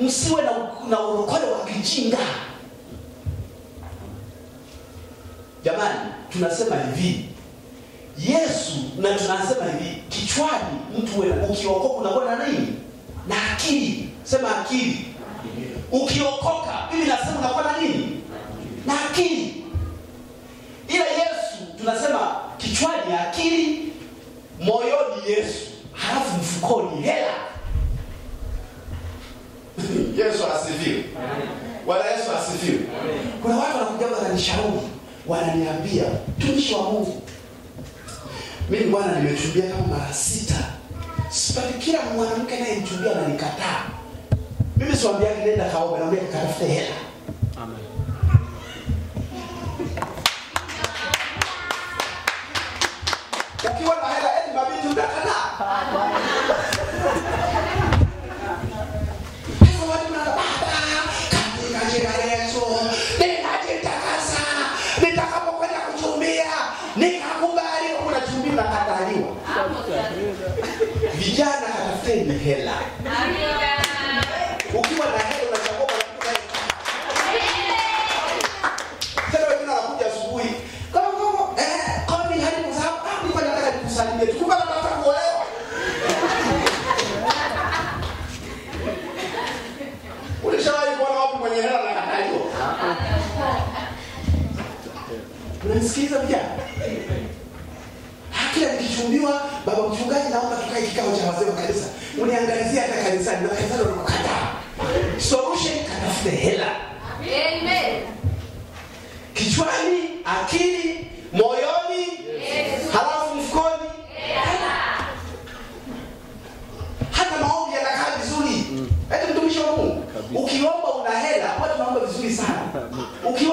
msiwe na, na urokole wa kijinga jamani tunasema hivi yesu na tunasema hivi kichwani mtu ukiokoka unakuwa na nini na akili sema akili ukiokoka mimi nasema unakuwa na nini na akili ila yesu tunasema kichwani akili moyoni yesu halafu mfukoni hela Yesu asifiwe. Wala Yesu asifiwe. Kuna watu wanakuja wananishauri, wananiambia tumishi wa Mungu, mimi bwana, nimetumbia kama mara sita, sipati kila mwanamke naye mtumbia ananikataa mimi. Siwaambia nenda kaombe, naambia katafute hela. Amen. Ukiwa na hela eti mabinti utakataa. hela. Ukiwa na hela unachagua marafiki naye. Sasa wengine wanakuja asubuhi. Kama kama eh kwani hadi kusahabu ah nilikuwa nataka nikusalimie. Tulikuwa tunataka kuolewa. Ulishawahi kuona wapi mwenye hela na kataa hiyo? Unanisikiza vijana? Ah, kila nikichumbiwa baba mchungaji, naomba tukae kikao cha wazee wa kanisa uniangalizia hata kanisani na kanisani wamekataa. Solution katafute hela. Amen. Kichwani, akili, moyoni, yes. halafu mfukoni. Hela. Hata maombi yanakaa vizuri. Mm. Eti mtumishi wa Mungu, ukiomba una hela, watu wanaomba vizuri sana. Uki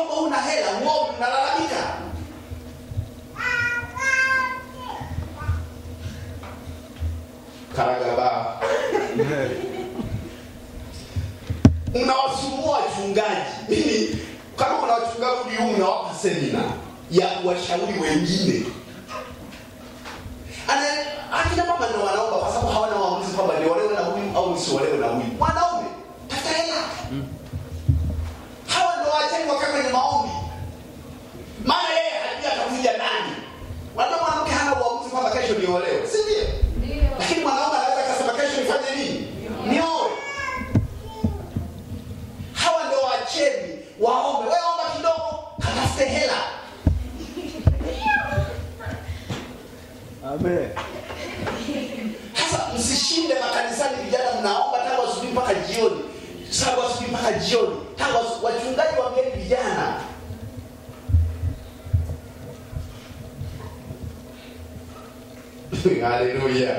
washauri wengine Haleluya.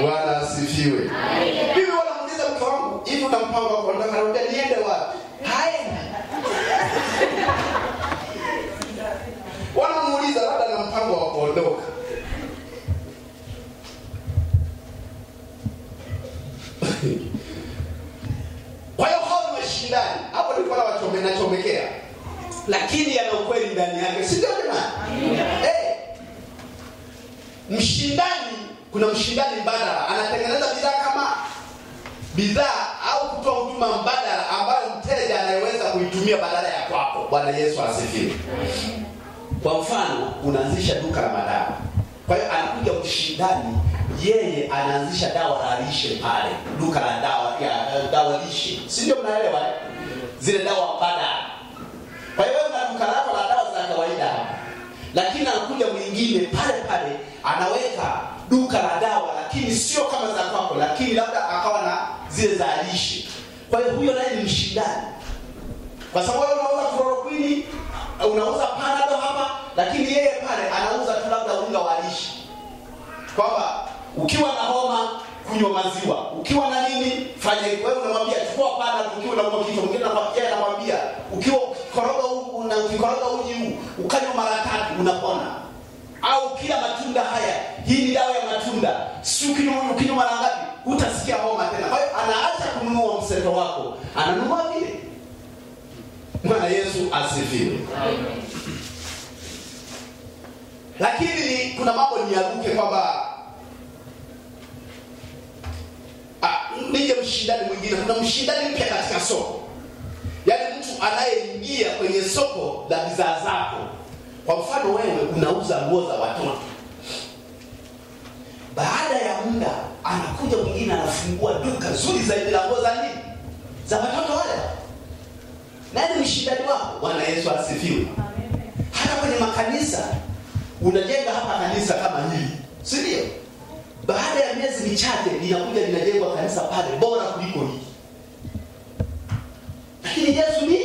Bwana asifiwe. Mimi wanamuuliza mke wangu, hivi una mpango wa Anambia niende wapi? huduma mbadala ambayo mteja anayeweza kuitumia badala ya kwako. Bwana Yesu asifiwe. Kwa mfano, unaanzisha duka la madawa, kwa hiyo anakuja mshindani yeye anaanzisha dawa la lishe pale duka la dawa ya dawa lishe, si ndio? Mnaelewa zile dawa mbadala. Kwa hiyo na duka lako la dawa za kawaida hapa, lakini anakuja mwingine pale pale anaweka duka la dawa, lakini sio kama za kwako, lakini labda akawa na zile za lishe. Kwa hiyo huyo naye ni mshindani, kwa sababu wewe unauza chloroquine, unauza panado hapa, lakini yeye pale anauza tu labda unga wa lishe, kwamba ukiwa na homa kunywa maziwa, ukiwa na nini fanya hivyo. Wewe unamwambia chukua pana, ukiwa na kitu mwingine, anakwambia anamwambia, ukiwa koroga huu na ukikoroga uji huu ukanywa mara tatu unapona, au kila matunda haya, hii ni dawa ya matunda, si ukinywa ukinywa mara ngapi hutasikia homa tena. Kwa hiyo anaacha kununua mseto wako, ananunua vile. Bwana Yesu asifiwe. Lakini kuna mambo niaruke kwamba nije mshindani mwingine. Kuna mshindani mpya katika soko, yaani mtu anayeingia kwenye soko la bidhaa zako. Kwa mfano, wewe unauza nguo za watoto anakuja mwingine anafungua duka zuri zaidi la ngoza nini za watoto wale nani mshindani wako bwana yesu asifiwe hata kwenye makanisa unajenga hapa kanisa kama hili si ndio baada ya miezi michache linakuja linajengwa kanisa pale bora kuliko hili lakini yesu ni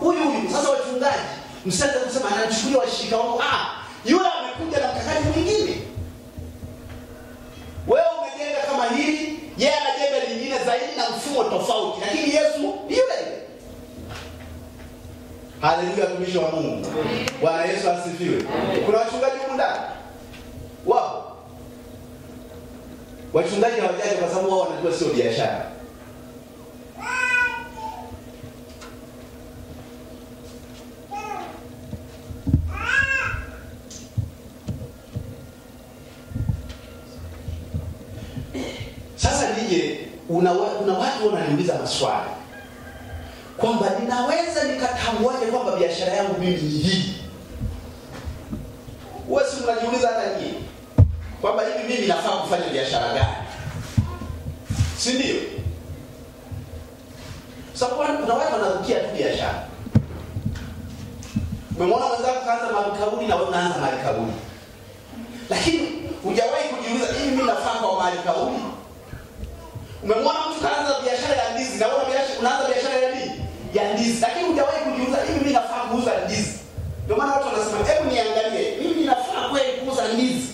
huyu huyu sasa wachungaji msianze kusema anachukulia washirika wangu ah yule kipimo tofauti, lakini Yesu yule. Haleluya, mtumishi wa Mungu. Bwana Yesu asifiwe. Kuna wachungaji kunda wao, wachungaji hawajaja kwa sababu wao wanajua sio biashara una, una watu wananiuliza maswali kwamba ninaweza nikatambuaje kwamba biashara yangu mimi ni hii. Wewe mnajiuliza hata nyinyi kwamba hivi mimi nafaa kufanya biashara gani, si ndio? Sababu so, kuna watu wanarukia tu biashara. Umemwona mwenzako kaanza malikauli na unaanza malikauli, lakini hujawahi kujiuliza hivi mi nafaa kwa malikauli Umemwona mtu kaanza biashara ya ndizi, na wewe biashara unaanza biashara ya nini? Ya ndizi. Lakini hujawahi kujiuliza hivi mimi nafaa kuuza ndizi. Ndio maana watu wanasema, "Hebu niangalie, mimi ninafaa kweli kuuza ndizi?"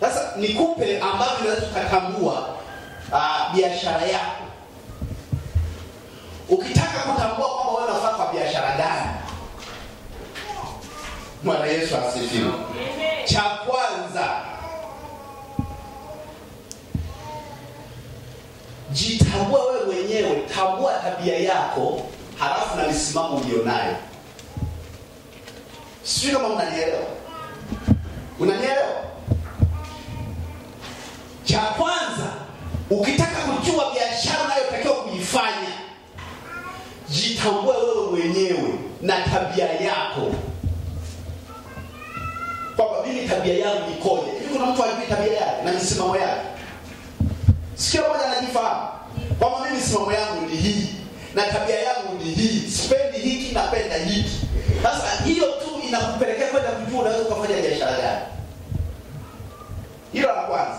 Sasa nikupe ambavyo unaweza kutambua uh, ah, biashara yako. Ukitaka kutambua kwamba wewe unafaa kwa biashara gani? Bwana Yesu asifiwe. Cha jitambua wewe mwenyewe, tambua tabia yako, halafu na misimamo ulionayo. Sijui kama unanielewa. unanielewa? Cha kwanza, ukitaka kujua biashara unayotakiwa kuifanya, jitambue wewe mwenyewe na tabia yako kwamba mimi tabia yangu ikoje. Hivi kuna mtu ajui tabia yake na misimamo yake? sikia moja anajifahamu kwamba mimi simamo yangu ni hii na tabia yangu ni hii, sipendi hiki, napenda hiki. Sasa hiyo tu inakupelekea kwenda kujua unaweza ukafanya biashara gani. Hilo la kwanza.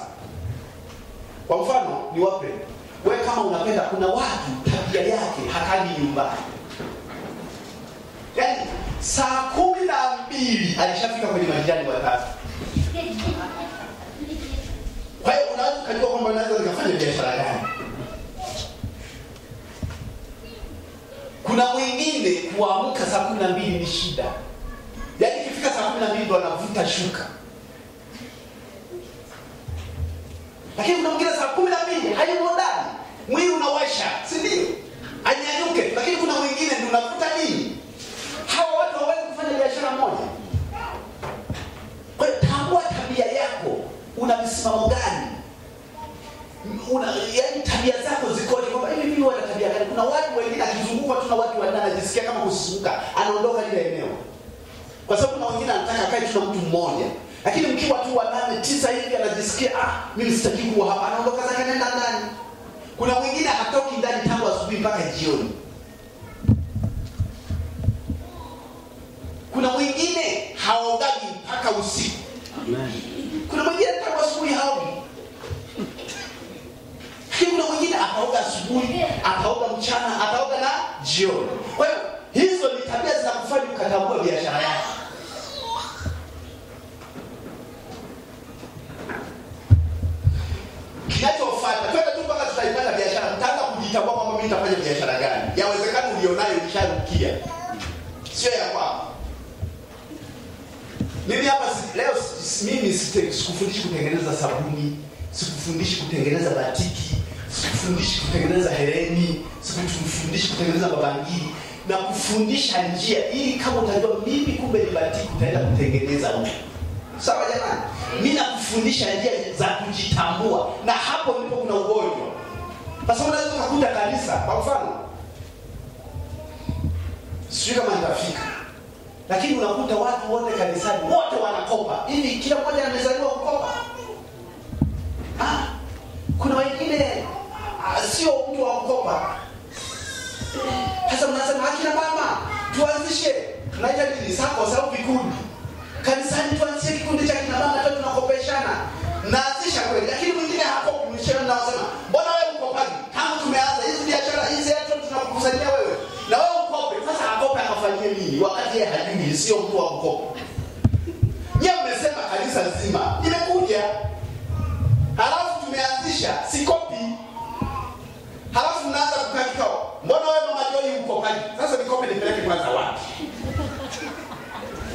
Kwa mfano ni wape wewe kama unapenda, kuna watu tabia yake hakani nyumbani, yaani saa kumi na mbili alishafika kwenye majirani watatu kajua kwamba naweza nikafanya biashara gani kuna mwingine kuamka saa kumi na mbili ni shida yaani ikifika saa kumi na mbili ndo anavuta shuka lakini kuna mwingine saa kumi na mbili hayumo ndani mwili unawasha si ndio anyanyuke lakini kuna mwingine ndi unavuta nini hawa watu hawawezi kufanya biashara moja kwa tambua tabia yako una msimamo gani una yani tabia zako zikoje, kwamba hivi mimi wana tabia gani? Kuna watu wengine akizunguka tu na watu wanne anajisikia kama kusuka anaondoka ile eneo, kwa sababu kuna wengine anataka akae tu na mtu mmoja lakini mkiwa tu wanane tisa hivi anajisikia ah, mimi sitaki kuwa hapa, anaondoka zake nenda ndani. Kuna mwingine hatoki ndani tangu asubuhi mpaka jioni. Kuna mwingine haogaji mpaka usiku. Kuna mwingine ataoga asubuhi, ataoga mchana, ataoga na jioni. Kwa hiyo hizo ni tabia zinakufanya ukatambua biashara yako. tu mpaka tutaipata biashara, kujitambua kwamba nitafanya biashara gani. Yawezekana ulionayo sio ya Mimi hapa leo mimi sikufundishi kutengeneza sabuni, sikufundishi kutengeneza batiki, sifundishi kutengeneza hereni, sifundishi kutengeneza mabangili na kufundisha njia ili kama utajua mimi kumbe nibatiki utaenda kutengeneza huko. Sawa jamani? Mimi nakufundisha njia za kujitambua na hapo ndipo kuna ugonjwa. Sasa unaweza kukuta kanisa kwa mfano sijui kama nitafika, lakini unakuta watu wote kanisani wote wanakopa hivi, kila mmoja amezaliwa tunajadili SACCOS au vikundi kanisani, tuanzie kikundi cha kina mama tu tunakopeshana, naanzisha kweli, lakini mwingine hapo kumshia na wasema, mbona wewe uko pale? Kama tumeanza hizi biashara hizi yetu tunakukusanyia wewe na wewe ukope. Sasa akope akafanyie nini wakati yeye hajui, sio mtu wa kukopa.